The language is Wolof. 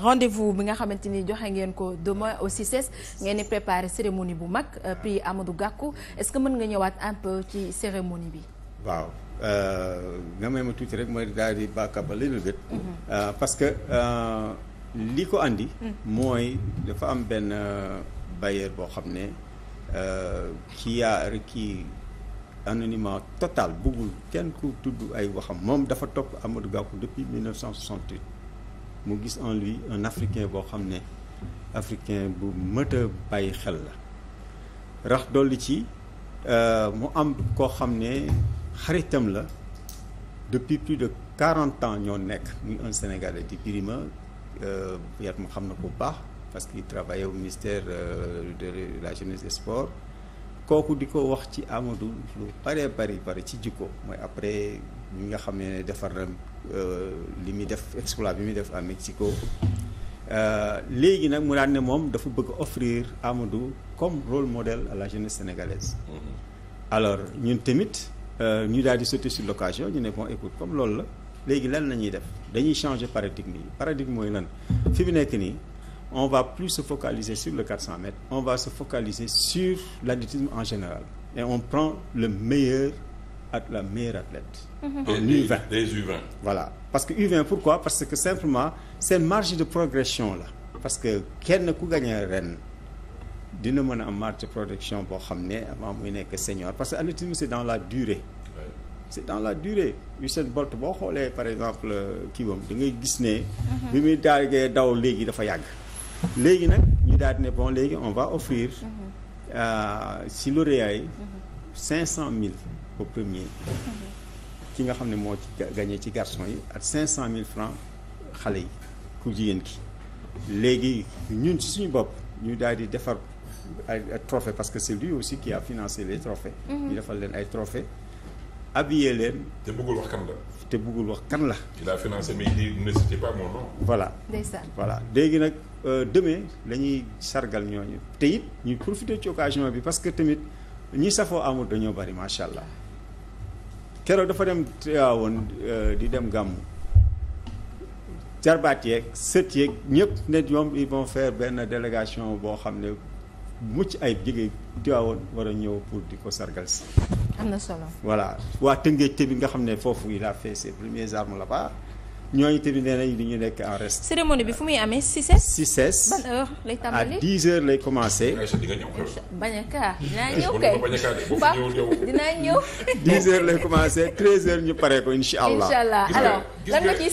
rendez-vous bi nga xamante ni joxe ngeen ko demain aussi CICES ngeen di préparer cérémonie bu mag euh, prix Amadou gàkku est-ce que mën nga ñëwaat un peu ci cérémonie bi. waaw euh, nga may ma tuuti rek mooy daal di baakaba little bit parce que euh, li ko andi. Mm. dafa am benn bailleur boo xam ne kii yaa kii anonymat total bëggul kenn ku tudd ay waxam moom dafa topp du Gakou depuis 1968. mu gis en lui un africain boo xam ne africain bu mët a bàyyi xel la rax dolli ci euh, mu am koo xam ne xaritam la depuis plus de quarante ans ñoo nekk muy un sénégalais di Birima euh, yat mu xam na ko bu baax parce qu'il travaillait au ministère euh, de la jeunesse et sport kooku di ko wax ci Amadou lu bare bari bari ci jikko mooy après ñi nga xam ne defar na euh, li muy def exploit bi muy def à Mexico euh, léegi nag mu daan ne moom dafa bëgg offrir Amadou comme rôle modèle à la jeunesse sénégalaise mm-hmm. alors ñun tamit euh, ñu daal di sauter sur l'occasion ñu ne bon écoute comme loolu la léegi lan na ñuy def dañuy changer paradigme yi paradigme mooy lan fi mu nekk nii on va plus se focaliser sur le 400 mètres on va se focaliser sur l'athlétisme en général et on prend le meilleur ak la meilleure athlète. Mhm. en U20 voilà parce que U20 pourquoi parce que simplement seen marge de progression la. parce que kenn ku gagné ren dina mën a am marge de progression boo xam ne avant muy nekk senior parce que at mi c'est dans la durée. c'est dans la durée Usain Bolt boo xoolee par exemple euh, kii boobu ngay gis ne. Mhm. bi muy daagee daw léegi dafa yàgg. léegi nag ñu daal di ne bon léegi on va offrir. Mhm. Euh, si lauréat yi. 500000. au premier ki nga xam ne moo ci ci garçon yi ak cinq cent mille francs xale yi ku jigéen ki léegi ñun ci suñu bopp ñu daal di defar ay trophée parce que c'est lui aussi qui a financé les trophées mhm. ñu defal leen ay trophée habillé leen te bëggul wax kan la te bëggul wax kan la il a financé mais il ne citait pas voilà léegi nag euh, demain la ñuy sargal ñooñu te it ñu profité ci occasion bi parce que tamit ñi safoo amul dañoo bari macha allah keroog dafa dem woon euh, di dem gàmmu jarbaat yeeg sët yeeg ñëpp ne ñoom ils vont faire benn délégation boo xam ne mucc ay jigéen Tiwaawoon war a ñëw pour di ko sargal si. am na solo. voilà waa Tëngéej te bi nga xam ne foofu il laa fait ses premières armes là ñoo tamit nee nañ du ñu nekk en reste. cérémonie bi fu muy amee 6h. 6h ban heure lay tàmbali à 10 lay commencé. bañ a kaa dinaa ñëw kay. Pape dinaa ñëw. 10h lay commencé 13h ñu pare ko incha allah. incha allah